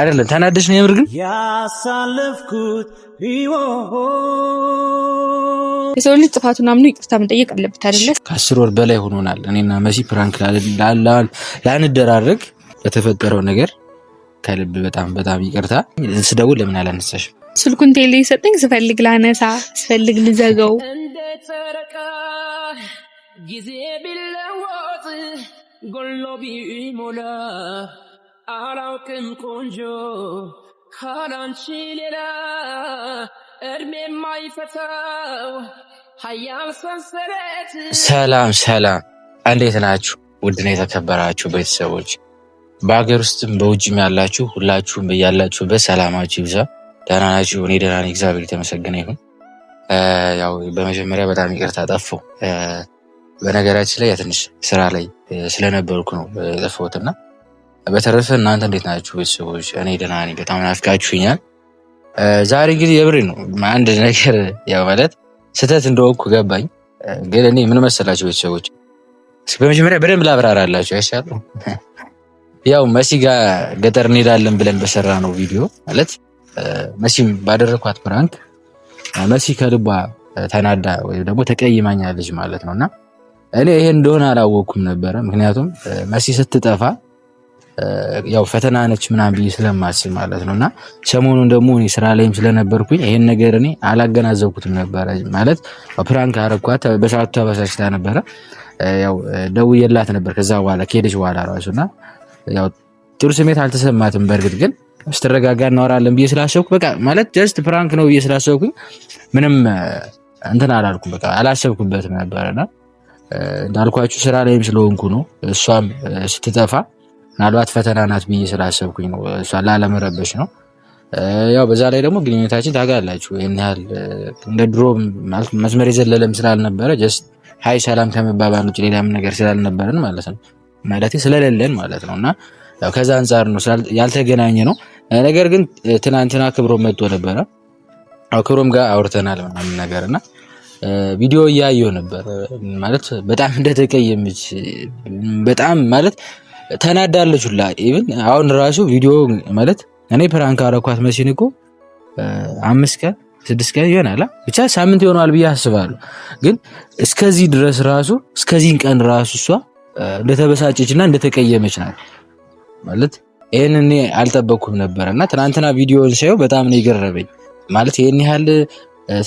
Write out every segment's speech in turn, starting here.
አይደለም ተናደሽ ነው የምር ግን ያሳለፍኩት የሰው ልጅ ጥፋቱ አምኖ ይቅርታ መጠየቅ አለበት አይደለ ከአስር ወር በላይ ሆኖናል እኔና መሲ ፕራንክ ላንደራረግ ለተፈጠረው ነገር ከልብ በጣም በጣም ይቅርታ ስደውል ለምን አላነሳሽም ስልኩን ቴሌ ሰጠኝ ስፈልግ ላነሳ ስፈልግ ልዘገው ጊዜ ቢለወጥ ጎሎ ቢሞላ አላውቅም ቆንጆ ካላንቺ ሌላ እድሜ የማይፈታው ሰንሰለት። ሰላም ሰላም፣ እንዴት ናችሁ? ውድና የተከበራችሁ ቤተሰቦች በሀገር ውስጥም በውጭም ያላችሁ ሁላችሁም በያላችሁበት ሰላማችሁ ይብዛ። ደህና ናችሁ? እኔ ደህና ነኝ፣ እግዚአብሔር የተመሰገነ ይሁን። ያው በመጀመሪያ በጣም ይቅርታ ጠፋሁ። በነገራችን ላይ ትንሽ ስራ ላይ ስለነበርኩ ነው የጠፋሁት እና በተረፈ እናንተ እንዴት ናችሁ ቤተሰቦች? እኔ ደህና ነኝ። በጣም ናፍቃችሁኛል። ዛሬ እንግዲህ የብሬ ነው አንድ ነገር ያው ማለት ስህተት እንደወቅኩ ገባኝ። ግን እኔ ምን መሰላችሁ ቤተሰቦች፣ በመጀመሪያ በደንብ ላብራራላችሁ ያሻሉ። ያው መሲ ጋር ገጠር እንሄዳለን ብለን በሰራ ነው ቪዲዮ ማለት መሲም ባደረኳት ፕራንክ መሲ ከልቧ ተናዳ ወይም ደግሞ ተቀይማኛለች ማለት ነው እና እኔ ይሄ እንደሆነ አላወቅኩም ነበረ። ምክንያቱም መሲ ስትጠፋ ያው ፈተና ነች ምናምን ብዬ ስለማስብ ማለት ነው። እና ሰሞኑን ደግሞ እኔ ስራ ላይም ስለነበርኩኝ ይሄን ነገር እኔ አላገናዘብኩትም ነበረ። ማለት ፕራንክ አረኳት በሰዓቱ ተበሳጭታ ነበረ። ያው ደውዬላት ነበር ከዛ በኋላ ከሄደች በኋላ ራሱ እና ያው ጥሩ ስሜት አልተሰማትም። በእርግጥ ግን ስትረጋጋ እናወራለን ብዬ ስላሰብኩ በቃ ማለት ጀስት ፕራንክ ነው ብዬ ስላሰብኩኝ ምንም እንትን አላልኩም። በቃ አላሰብኩበትም ነበረና እንዳልኳችሁ ስራ ላይም ስለሆንኩ ነው እሷም ስትጠፋ ምናልባት ፈተና ናት ብዬ ስላሰብኩኝ ነው። እሷ ላለመረበሽ ነው። ያው በዛ ላይ ደግሞ ግንኙነታችን ታውቃላችሁ፣ ይህን ያህል እንደ ድሮ መስመር የዘለለም ስላልነበረ ጀስት ሀይ ሰላም ከመባባል ውጭ ሌላም ነገር ስላልነበረን ማለት ነው ማለት ስለሌለን ማለት ነው። እና ከዛ አንጻር ነው ያልተገናኘ ነው። ነገር ግን ትናንትና ክብሮ መጥቶ ነበረ። ክብሮም ጋር አውርተናል ምናምን ነገር እና ቪዲዮ እያየው ነበር ማለት በጣም እንደተቀየመች በጣም ማለት ተናዳለች ሁላ። ኢቭን አሁን ራሱ ቪዲዮ ማለት እኔ ፕራንክ አረኳት መሲን እኮ አምስት ቀን ስድስት ቀን ይሆናል ብቻ ሳምንት ይሆነዋል ብዬ አስባለሁ። ግን እስከዚህ ድረስ ራሱ እስከዚህን ቀን ራሱ እሷ እንደተበሳጨች እና እንደተቀየመች ናት ማለት ይህን እኔ አልጠበቅኩም ነበረ እና ትናንትና ቪዲዮን ሳየው በጣም ነው የገረበኝ። ማለት ይህን ያህል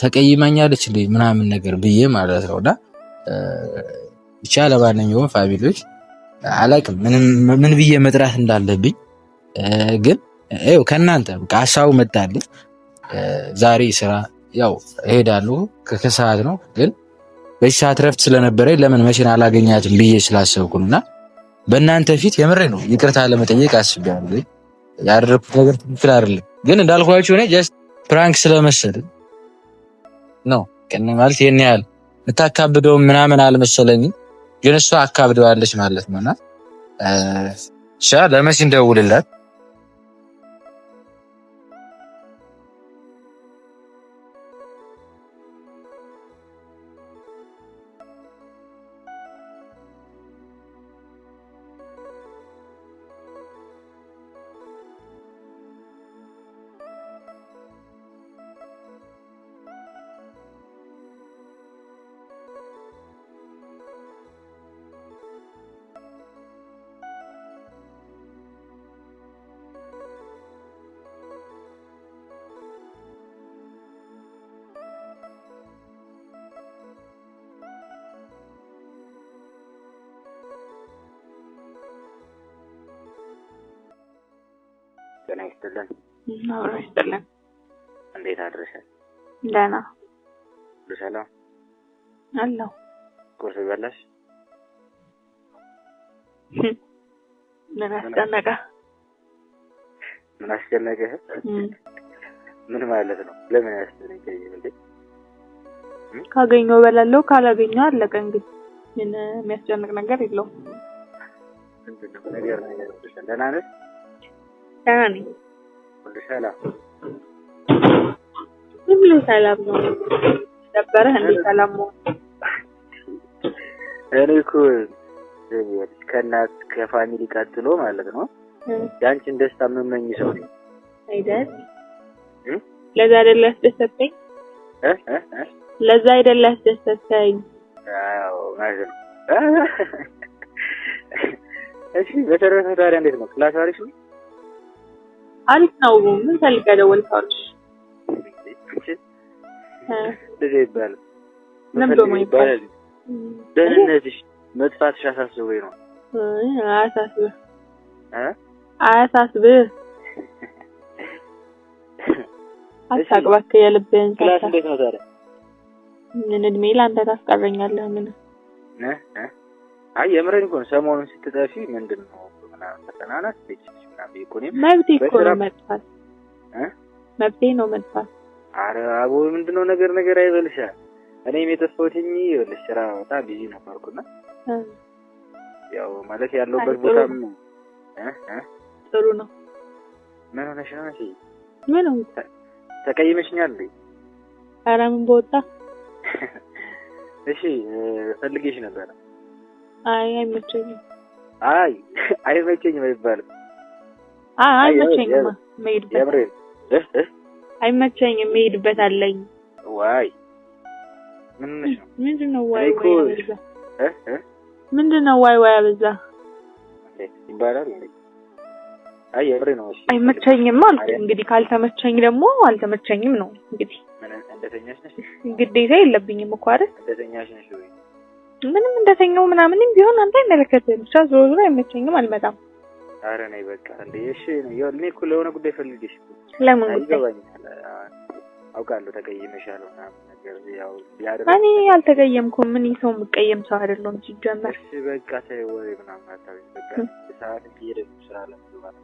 ተቀይማኛለች ምናምን ነገር ብዬ ማለት ነው እና ብቻ ለማንኛውም ፋሚሊዎች አላቅም ምን ብዬ መጥራት እንዳለብኝ ግን ው ከእናንተ ሀሳቡ መጣልኝ። ዛሬ ስራ ያው እሄዳለሁ ከሰዓት ነው፣ ግን በሻት ረፍት ስለነበረ ለምን መቼን አላገኛትም ብዬ ስላሰብኩ እና በእናንተ ፊት የምሬ ነው ይቅርታ ለመጠየቅ አስቤያለሁ። ያደረኩት ነገር ትክክል አይደለም፣ ግን እንዳልኳችሁ እኔ ጀስት ፕራንክ ስለመሰል ነው። ማለት ይህን ያህል የምታካብደው ምናምን አልመሰለኝም። ግን እሷ አካብደዋለች ማለት ነውና ለመሲ እንደውልላት ጤና ይስጥልን። አብሮ ይስጥልን። እንዴት አድረሻል? ደህና ሰላም አለሁ። ቁርስ በላሽ? ምን አስጨነቀ? ምን አስጨነቀ? ምን ማለት ነው? ለምን ያስጨነቀ? እንዴ ካገኘው በላለው፣ ካላገኘው አለቀ። እንግዲህ ምን የሚያስጨንቅ ነገር የለውም። ነገር ነገር ደህና ነሽ? ሰላም ነኝ። ሁሉ ሰላም ሁሉ ሰላም ነው። ደበረህ እንዴ? ሰላም ነው። እኔ እኮ ከእናት ከፋሚሊ ቀጥሎ ማለት ነው የአንቺን ደስታ የምመኝ ሰው ነኝ አይደል? ለዛ አይደል ያስደሰተኝ ለዛ አይደል ያስደሰተኝ። እሺ በተረፈ ታዲያ እንዴት ነው? ክላስ አሪፍ ነው? አሪፍ ነው። ምን ፈልገህ ደወልከዋልሽ? ልጄ ይባላል። ምን ደህንነትሽ መጥፋትሽ ነው። አያሳስብህ የልብህን ክላስ እንዴት ነው ታዲያ? ምን እድሜ ለአንተ ታስቀረኛለህ? ምን አይ የምረኝ እኮ ነው። ሰሞኑን ስትጠፊ ምንድን ነው ምናምን ልጅ በጣም መብቴ እኮ ነው መጥፋት መብቴ ነው መጥፋት። አረ አቦ ምንድነው ነገር ነገር አይበልሻ እኔም የጠፋሁትኝ ይኸውልሽ ስራ በጣም ቢዚ ነበርኩና ያው ማለት ያለሁበት ቦታም እ እ ጥሩ ነው። ምን ሆነሽ ነው? እሺ ምን ተቀይመሽኛል? ኧረ ምን በወጣ እሺ ፈልጌሽ ነበረ። አይ አይመቸኝም። አይ አይመቸኝም አይባልም አይመቸኝም የምሄድበት አይመቸኝም የምሄድበት አለኝ። ዋይ ምንድን ነው ዋይ ዋይ አበዛ? ምንድን ነው ዋይ ዋይ አበዛ ይባላል። አይ የምሬ ነው። እሺ አይመቸኝም አልኩ። እንግዲህ ካልተመቸኝ ደግሞ አልተመቸኝም ነው እንግዲህ። ግዴታ የለብኝም እኮ አይደል? ምንም እንደተኛው ምናምንም ቢሆን አንተ አይመለከትህም። ብቻ ዞሮ ዞሮ አይመቸኝም አልመጣም። አረ ነይ በቃ እንደ እሺ ነው እኔ እኮ ለሆነ ጉዳይ ፈልጌሽ ለምን ጉዳይ አውቃለሁ ተቀይመሻለሁ ምናምን ነገር ያው እኔ አልተቀየምኩም ምን ሰው የምቀየም ሰው አይደለሁም ሲጀመር እሺ በቃ ተይ ወሬ ምናምን አታውቂም በቃ ሰዓት እየሄደ ስራ ለምግባት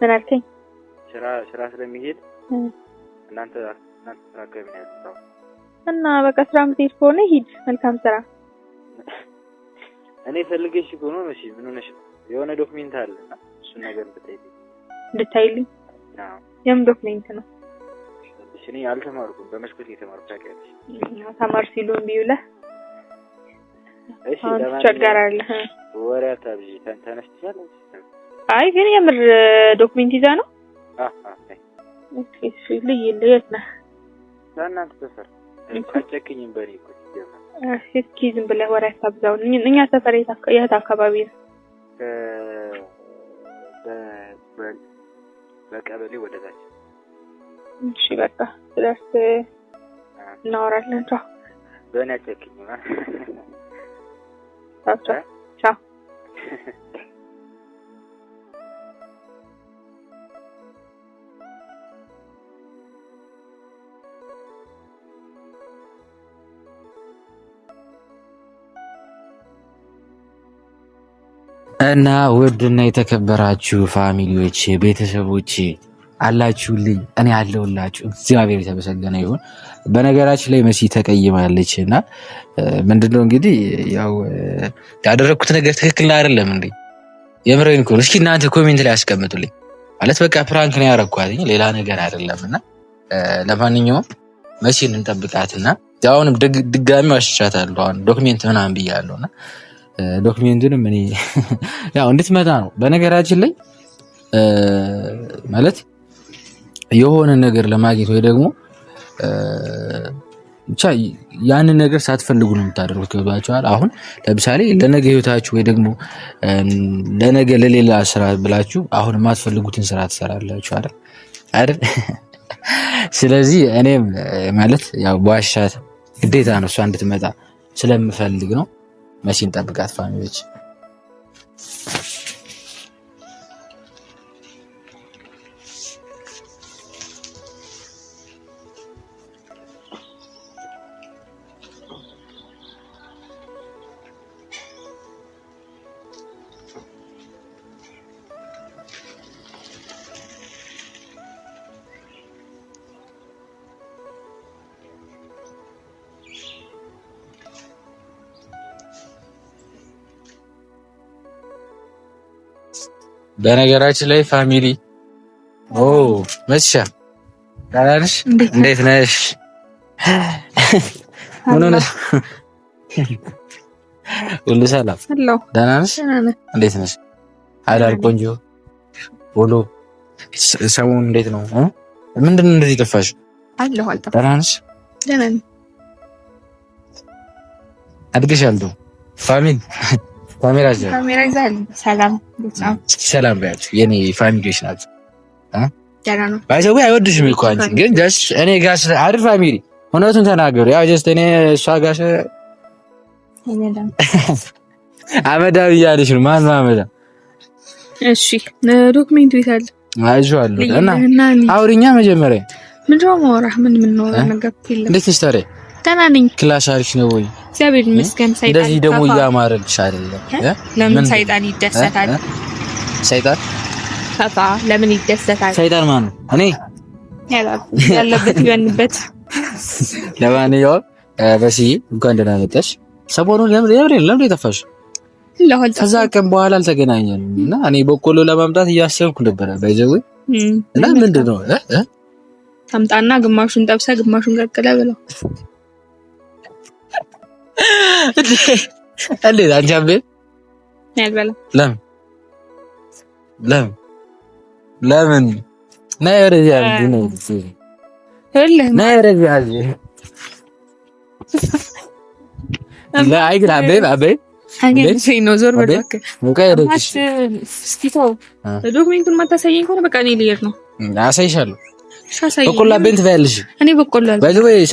ምን አልከኝ ስራ ስራ ስለሚሄድ እናንተ እናንተ ስራ ገብ ነው ያለው እና በቃ ስራ የምትሄድ ከሆነ ሂድ መልካም ስራ እኔ ፈልገሽ ከሆነ ነው እሺ ምን ሆነሽ ነው የሆነ ዶክሜንት አለና እሱን ነገር እንድታይልኝ እንድታይልኝ። የም ዶክሜንት ነው? እሺ እኔ አልተማርኩም፣ በመስኮት የተማርኩ ታውቂያለሽ። ተማር ሲሉ እምቢ ብለህ እሺ፣ ትቸገራለህ። ወሬ አታብዢ። ተነስተሻለሽ? አይ ግን የምር ዶክሜንት ይዛ ነው። ኦኬ፣ እሺ። ልይ የት ነህ? እናንተ ሰፈር አትጨክኝም በእኔ እኮ። እስኪ ዝም ብለህ ወሬ አታብዛው። እኛ ሰፈር የት አካባቢ ነው? በቀበሌ ወደታች። እሺ በቃ ስለስ እናወራለን። ቻው። በእኔ አጨክኝ ቻው ቻው እና ውድና የተከበራችሁ ፋሚሊዎች ቤተሰቦች አላችሁልኝ፣ እኔ አለሁላችሁ። እግዚአብሔር የተመሰገነ ይሁን። በነገራችን ላይ መሲ ተቀይማለች እና ምንድነው እንግዲህ ያው ያደረግኩት ነገር ትክክል አይደለም እንዴ? የምሬን እኮ እስኪ እናንተ ኮሜንት ላይ አስቀምጡልኝ። ማለት በቃ ፕራንክ ነው ያረኳት ሌላ ነገር አይደለም። እና ለማንኛውም መሲን እንጠብቃትና አሁንም ድጋሚ ዋሽቻታለሁ። አሁን ዶክሜንት ምናምን ብያለሁ እና ዶክሜንቱንም እኔ ያው እንድትመጣ ነው። በነገራችን ላይ ማለት የሆነ ነገር ለማግኘት ወይ ደግሞ ብቻ ያንን ነገር ሳትፈልጉ ነው የምታደርጉት። ገብቷችኋል? አሁን ለምሳሌ ለነገ ህይወታችሁ ወይ ደግሞ ለነገ ለሌላ ስራ ብላችሁ አሁን የማትፈልጉትን ስራ ትሰራላችሁ አይደል አይደል? ስለዚህ እኔም ማለት ያው በዋሻት ግዴታ ነው እሷ እንድትመጣ ስለምፈልግ ነው። መሲን ጠብቃት ፋሚሊዎች። በነገራችን ላይ ፋሚሊ ኦ መስሻ ታላልሽ እንዴት ነሽ? ምን ሆነሽ? ሁሉ ሰላም ደህና ነሽ? እንዴት ነሽ? አዳር ቆንጆ ቦሎ ሰሞኑን እንዴት ነው? ምንድን ነው እንደዚህ ጠፋሽ? አለሁ አልጠፋ። ደህና ነሽ? ደህና አድገሻል። ፋሚሊ ካሜራ ይዛል። ሰላም ሰላም በያቸው የኔ ፋሚሊዎች ናቸው። ባይሰዊ አይወድሽም እኮ አንቺ ግን ጀስት እኔ ጋሽ አድር ፋሚሊ እውነቱን ተናገሩ። ያው ጀስት እኔ እሷ ጋሽ አመዳዊ እያለሽ ነው። ማን ነው አመዳ? እሺ ዶክሜንቱ ይታል አይዞህ አሉ እና አውሪኛ መጀመሪያ ምንድን ነው የማወራህ? ምን ምን ነው ነገር የለም። እንዴት ነሽ ታዲያ? ደህና ነኝ። ክላስ አሪፍ ነው ወይ? እግዚአብሔር ይመስገን። ሰይጣን እንደዚህ ደግሞ እያማረልሽ አይደለም? ለምን ሰይጣን ይደሰታል? ሰይጣን ታታ ለምን ይደሰታል? ሰይጣን ማን ነው? እኔ ያለበት ይሆንበት። ለማንኛውም በስዬ እንኳን ደህና መጣሽ። ሰሞኑን ለምን ለምን የጠፋሽ? ከዛ ቀን በኋላ አልተገናኘንም እና እኔ በቆሎ ለማምጣት እያሰብኩ ነበረ። ባይዘው እና ምንድን ነው ታምጣና ግማሹን ጠብሰ ግማሹን ቀቅለ ብለው እንዴት አንቺ አቤል ለምን ለምን ለምን ነይ ወደዚህ አልኩኝ። ነይ ወደዚህ ነይ አይ ግን አቤል አቤል ዞር በቃ እኔ ልሄድ ነው። በቆሎ አቤል ትበያለሽ። እኔ በቆሎ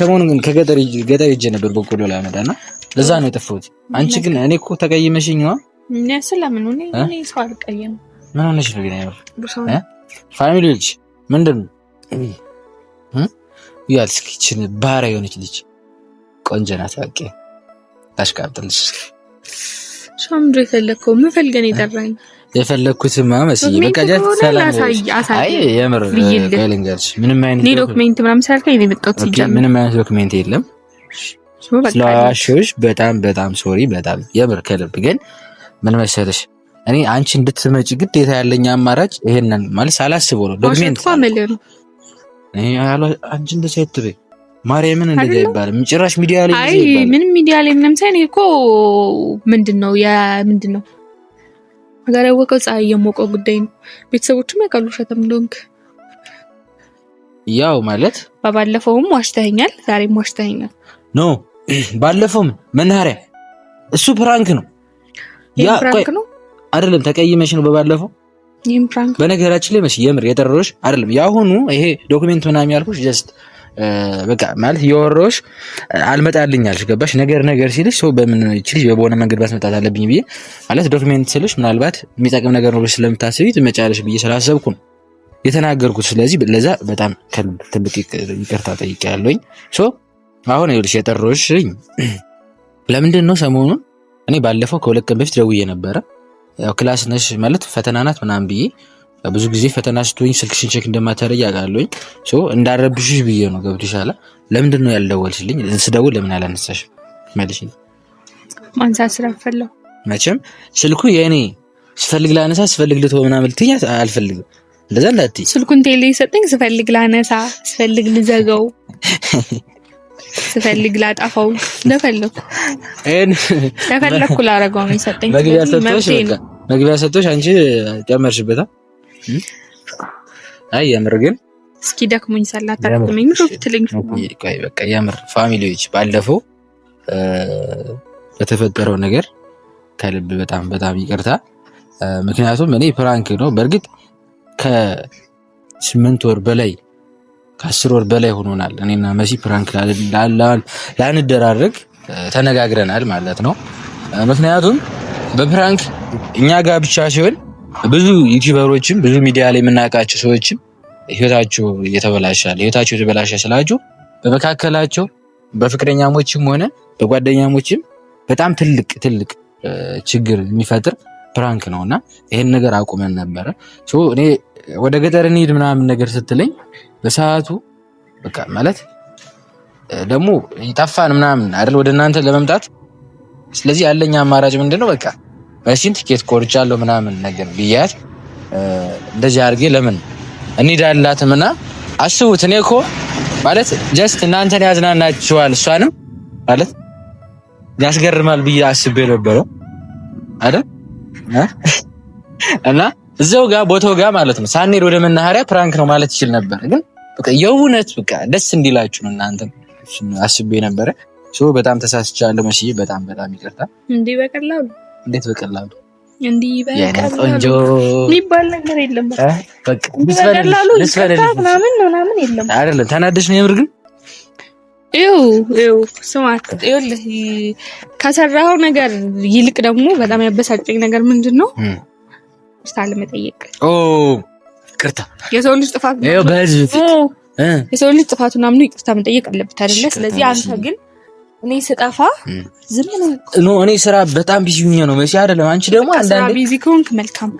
ሰሞኑን ከገጠር ገጠር ሂጅ ነበር በቆሎ ላመጣና ለዛ ነው የጠፋሁት። አንቺ ግን እኔ እኮ ተቀይመሽኝ ነው። ምን እኔ ነው ግን? ምን ሆነሽ ነው? ምንድን ነው ያልስኪችን ባህራ የሆነች ልጅ ቆንጆ ናት። በቃ ታሽቃብጥልሽ። ሻምዶ የፈለግከው ምን ፈልገን የጠራኝ የፈለግኩትማ መስዬ በቃ ጃት ሰላም አይ የምር ልንገርሽ ምንም አይነት ዶክሜንት ምናምን ስላልከኝ ምንም አይነት ዶክሜንት የለም። ስለዋሾች በጣም በጣም ሶሪ፣ በጣም የምር ከልብ ግን ምን መሰለሽ እኔ አንቺ እንድትመጪ ግዴታ ያለኝ አማራጭ ይሄንን ማለት ሳላስበው ነው። ዶክሜንት አንቺ እንደዚህ አትበይ ማርያምን፣ እንደዚህ ይባላል። ጭራሽ ሚዲያ ላይ አይ ምንም ሚዲያ ላይ ምንም ሳይን እኮ ምንድን ነው ያ ምንድን ነው ሀገር ያወቀው ፀሐይ የሞቀው ጉዳይ ነው። ቤተሰቦችም ያውቃሉ ውሸትም እንደሆንክ ያው ማለት በባለፈውም ዋሽተኸኛል፣ ዛሬም ዋሽተኸኛል ኖ ባለፈው ምን መናኸሪያ እሱ ፕራንክ ነው። ያ ፕራንክ ነው አይደለም፣ ተቀይመሽ ነው በባለፈው። በነገራችን ላይ መቼ የምር የጠረሮች አይደለም። የአሁኑ ይሄ ዶክሜንት ምናምን ያልኩሽ ጀስት በቃ ማለት የወሮች አልመጣልኝ አልሽ፣ ገባሽ? ነገር ነገር ሲልሽ ሰው በምን ይችልሽ በሆነ መንገድ ባስመጣት አለብኝ ብዬ ማለት ዶክሜንት ስልሽ ምናልባት የሚጠቅም ነገር ነው ስለምታስቢ ትመጫለሽ ብዬ ስላሰብኩ ነው የተናገርኩት። ስለዚህ ለዛ በጣም ትልቅ ይቅርታ ያለኝ አሁን ይኸውልሽ የጠሮሽኝ ለምንድን ነው ሰሞኑን? እኔ ባለፈው ከሁለት ቀን በፊት ደውዬ ነበረ። ያው ክላስ ነሽ ማለት ፈተና ናት ምናምን ብዬ ብዙ ጊዜ ፈተና ስትሆኝ ስልክሽን ቼክ እንደማታደርጊ አውቃለሁኝ። እንዳረብሽሽ ብዬ ነው። ገብቶሻል? ለምንድን ነው ያልደወልሽልኝ? ስደውል ለምን አላነሳሽም? መልሽልኝ። ማንሳት ስለፈለው መቼም ስልኩ የእኔ ስፈልግ ላነሳ ስፈልግ ልተው ምናምን ልትይኝ አልፈልግም። እንደዛ እንዳትይ ስልኩን ቴሌ ሰጠኝ ስፈልግ ላነሳ ስፈልግ ልዘገው ስፈልግ ላጣፋው ለፈለኩ እን ለፈለኩ ነው የሰጠኝ። መግቢያ ሰጥቶሽ በቃ መግቢያ ሰጥቶሽ አንቺ ጨመርሽበታ። አይ የምር ግን እስኪ ደክሞኝ ትልኝ። በቃ የምር ፋሚሊዎች፣ ባለፈው በተፈጠረው ነገር ከልብ በጣም በጣም ይቅርታ። ምክንያቱም እኔ ፕራንክ ነው በእርግጥ ከስምንት ወር በላይ ከአስር ወር በላይ ሆኖናል። እኔና መሲ ፕራንክ ላንደራርግ ተነጋግረናል ማለት ነው። ምክንያቱም በፕራንክ እኛ ጋር ብቻ ሲሆን ብዙ ዩቲዩበሮችም ብዙ ሚዲያ ላይ የምናውቃቸው ሰዎችም ህይወታቸው የተበላሻል። ህይወታቸው የተበላሻ ስላችሁ በመካከላቸው በፍቅረኛሞችም ሆነ በጓደኛሞችም በጣም ትልቅ ትልቅ ችግር የሚፈጥር ፕራንክ ነው እና ይህን ነገር አቁመን ነበረ። እኔ ወደ ገጠር እንሂድ ምናምን ነገር ስትለኝ በሰዓቱ በቃ ማለት ደግሞ ይጠፋን ምናምን አይደል ወደ እናንተ ለመምጣት። ስለዚህ ያለኝ አማራጭ ምንድን ነው? በቃ መሲን ትኬት ቆርጫለሁ ምናምን ነገር ብያት እንደዚህ አድርጌ ለምን እንሄዳላትም እና አስቡት። እኔ እኮ ማለት ጀስት እናንተን ያዝናናችኋል እሷንም ማለት ያስገርማል ብዬ አስቤ ነበረው አይደል እና እዛው ጋር ቦታው ጋር ማለት ነው ሳንሄድ ወደ መናኸሪያ ፕራንክ ነው ማለት ይችል ነበር፣ ግን በቃ የእውነት በቃ ደስ እንዲላችሁ ነው እናንተ አስቤ ነበረ። በጣም ተሳስቻለሁ መስዬ፣ በጣም በጣም ይቅርታ። እንዲህ በቀላሉ እንዴት በቀላሉ እንዲህ ቆንጆ የሚባል ነገር የለም። በቃ ምናምን ምናምን የለም አይደለም። ተናደሽ ነው የምር ግን ይው ይው ስማት ይኸውልህ፣ ከሰራኸው ነገር ይልቅ ደግሞ በጣም ያበሳጨኝ ነገር ምንድን ነው ይቅርታ ለመጠየቅ ይቅርታ የሰው ልጅ ጥፋት የሰው ልጅ ጥፋቱን አምኖ ይቅርታ መጠየቅ አለበት አይደለ? ስለዚህ አንተ ግን እኔ ስጠፋ ዝም ነው። እኔ ስራ በጣም ቢዚ ሁኜ ነው መሲ፣ አይደለም አንቺ ደግሞ አንዳንዴ ቢዚ ከሆንክ መልካም።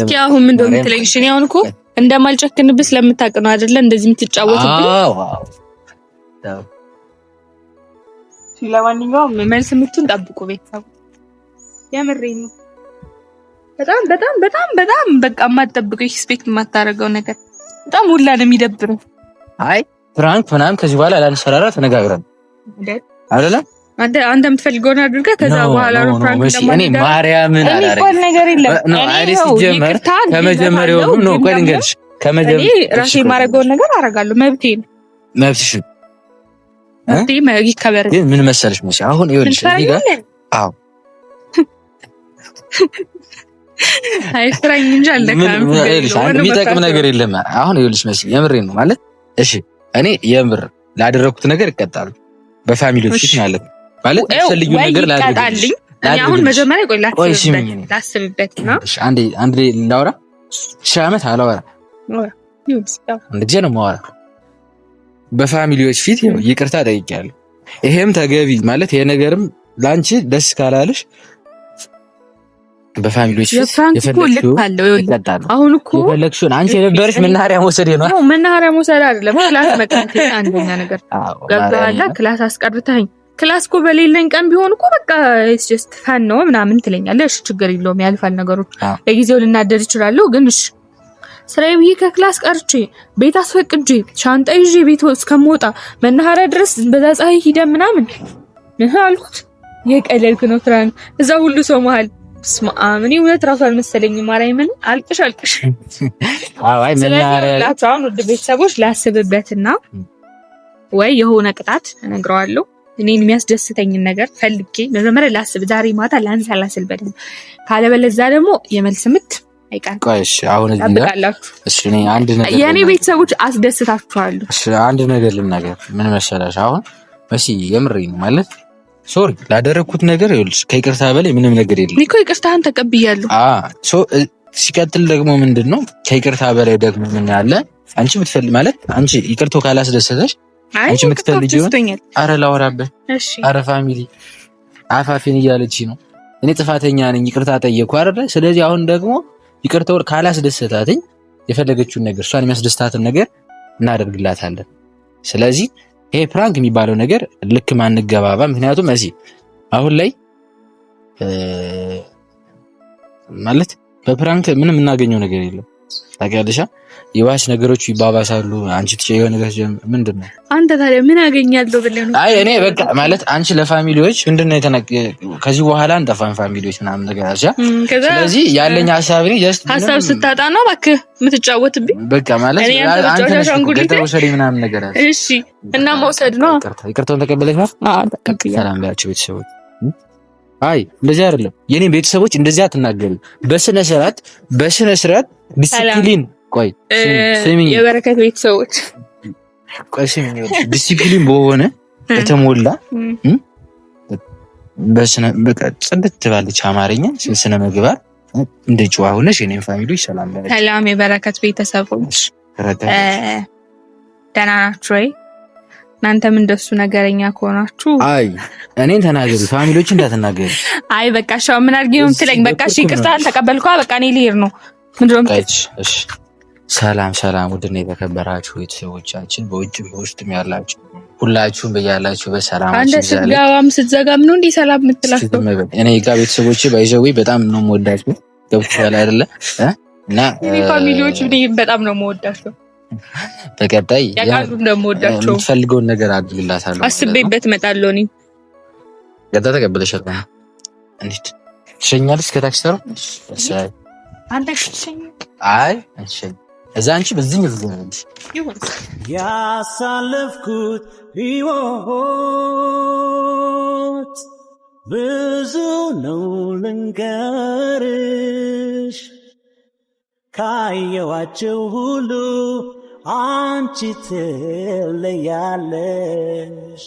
እስኪ አሁን ምን ነው የምትለኝ እሺ። እኔ አሁን እኮ እንደማልጨክንብህ ስለምታውቅ ነው አይደለ? እንደዚህ የምትጫወትብኝ። ለማንኛውም መልስ ምቱን ጠብቁ ቤተሰብ። የምሬ ነው። በጣም በጣም በጣም በጣም በቃ የማትጠብቀው ኤክስፔክት የማታደርገው ነገር በጣም ሁላ ነው የሚደብረው። አይ ፍራንክ ምናምን ከዚህ በኋላ ላንሰራራ ተነጋግረን አይደለ አንተ አንተ የምትፈልገውን አድርገህ ከዛ በኋላ ነው ፍራንክ ለማድረግ እኔ ማርያምን አላረግም ነገር የለም እኔ ሲጀመር ከመጀመሪያው ነው ቆይ ልንገርሽ ከመጀመሪያው እኔ ራሴ የማደርገውን ነገር አደርጋለሁ። መብቴ ነው መብትሽ ነው መብቴ ይከበር። ግን ምን መሰለሽ መቼ አሁን ይኸውልሽ እዚህ ጋር አዎ አይፍራኝ እንጂ አልደካም። የሚጠቅም ነገር የለም። አሁን ይኸውልሽ መሲ የምሬን ነው ማለት እሺ፣ እኔ የምር ላደረግኩት ነገር እቀጣለሁ፣ በፋሚሊ ፊት ማለት ማለት ልዩ ነገር ላደረግልኝ። አሁን መጀመሪያ ቆይ ላስብበት ነው። አንዴ አንዴ ላውራ። ሺህ ዓመት አላወራ አንድ ጊዜ ነው ማወራ። በፋሚሊዎች ፊት ይቅርታ ጠይቄያለሁ። ይሄም ተገቢ ማለት ይሄ ነገርም ለአንቺ ደስ ካላለሽ በፋሚሊዎች የፍራንክ እኮ አሁን እኮ የፈለግሽውን አንቺ የነበረሽ መናኸሪያ መውሰድ ነው። መናኸሪያ መውሰድ አይደለም ክላስ መቀንቴ አንደኛ ነገር ገባላ ክላስ አስቀርተኸኝ ክላስ እኮ በሌለኝ ቀን ቢሆን እኮ በቃ ኢትስ ጀስት ፈን ነው ምናምን ትለኛለህ። እሺ ችግር የለውም ያልፋል። ነገሮች ለጊዜው ልናደድ እችላለሁ፣ ግን እሺ ስራዬ ብዬ ከክላስ ቀርቼ ቤት አስፈቅጄ ሻንጣ ይዤ ቤት እስከምወጣ መናኸሪያ ድረስ በዛ ፀሐይ ሂደን ምናምን አልኩት። የቀለልክ ነው ፍራንክ እዛ ሁሉ ሰው መሀል ስማ እኔ እውነት ራሱ አልመሰለኝም። ማርያምን አልቅሽ አልቅሽ። አይ ምን ያረላችሁ። አሁን ውድ ቤተሰቦች ላስብበትና ወይ የሆነ ቅጣት እነግረዋለሁ። እኔን የሚያስደስተኝን ነገር ፈልጌ መጀመሪያ ላስብ። ዛሬ ማታ ላንሰላስል በደንብ ካለበለዛ ደግሞ የመልስ ምት አይቀርሽ። አሁን እዚህ እሺ፣ እኔ አንድ ነገር የኔ ቤተሰቦች አስደስታችኋለሁ። እሺ፣ አንድ ነገር ልናገር። ምን መሰለሽ አሁን መሲ የምሬን ማለት ሶሪ ላደረግኩት ነገር ይኸውልሽ፣ ከይቅርታ በላይ ምንም ነገር የለም። እኔ እኮ ይቅርታህን ተቀብያለሁ። ሲቀጥል ደግሞ ምንድን ነው ከይቅርታ በላይ ደግሞ ምን አለ? አንቺ ምትፈል ማለት አንቺ ይቅርቶ ካላስደሰተሽ አንቺ ምትፈልጊ ይሆን? አረ ላወራበት። አረ ፋሚሊ አፋፊን እያለች ነው። እኔ ጥፋተኛ ነኝ ይቅርታ ጠየኩ አይደለ? ስለዚህ አሁን ደግሞ ይቅርታው ካላስደሰታትኝ የፈለገችውን ነገር እሷን የሚያስደስታትን ነገር እናደርግላታለን። ስለዚህ ይሄ ፕራንክ የሚባለው ነገር ልክ ማንገባባ። ምክንያቱም እዚ አሁን ላይ ማለት በፕራንክ ምንም እናገኘው ነገር የለም። ታውቂያለሽ ይባስ ነገሮች ይባባሳሉ። አንቺ ትቼ የሆነ ነገር ምንድን ነው አንተ ታዲያ ምን አገኛለሁ ብለህ ነው? አይ እኔ በቃ ማለት አንቺ ለፋሚሊዎች ምንድን ነው የተነገ ከዚህ በኋላ እንጠፋን ፋሚሊዎች ምናምን ነገር አለ። ስለዚህ ያለኝ ሀሳብ እኔ ጀስት ሀሳብ ስታጣ ነው እባክህ የምትጫወትብኝ። በቃ ማለት አንተ ተወሰደኝ ምናምን ነገር አለ። እሺ እና መውሰድ ነው። ይቅርታውን ተቀበለሽ ነው? አዎ ተቀበለሽ። ሰላም በያቸው ቤተሰቦች አይ እንደዚህ አይደለም። የኔ ቤተሰቦች እንደዚህ አትናገሪ። በስነ ስርዓት በስነ ስርዓት ዲሲፕሊን ቆይ ስሚኝ፣ የበረከት ቤተሰቦች ቆይ ስሚኝ፣ ዲሲፕሊን በሆነ የተሞላ በስነ በቃ ጽድት ባለች አማርኛ ስነ ምግባር እንደ ጨዋ ሆነሽ የኔን ፋሚሊ ሰላም ሰላም፣ የበረከት ቤተሰቦች ደህና ናችሁ ወይ? እናንተም እንደሱ ነገረኛ ከሆናችሁ አይ እኔን ተናገሪ፣ ፋሚሊዎች እንዳትናገሪ። አይ በቃ ሻው ምን አድርጌ ነው የምትለኝ? በቃ እሺ ይቅርታ ተቀበልኳ። በቃ እኔ ልሄድ ነው ሰላም ሰላም፣ ውድና የተከበራችሁ ቤተሰቦቻችን በውጭ በውስጥም ያላችሁ ሁላችሁም በያላችሁ በሰላም ስትገባም ስትዘጋም ነው እንዲህ ሰላም የምትላቸው። እኔ ጋ ቤተሰቦች ባይዘዊ በጣም ነው የምወዳችሁ፣ ገብቶሻል አይደለ? እና ፋሚሊዎች በጣም ነው የምወዳቸው። በቀጣይ የምትፈልገውን ነገር አድርግላታለሁ፣ አስቤበት እመጣለሁ። እኔ ቀጣ ተቀብለሻል? ትሸኛለች? አንተ አይ ያሳለፍኩት ህይወት ብዙ ነው ልንገርሽ ካየዋቸው ሁሉ አንቺ ትለያለሽ።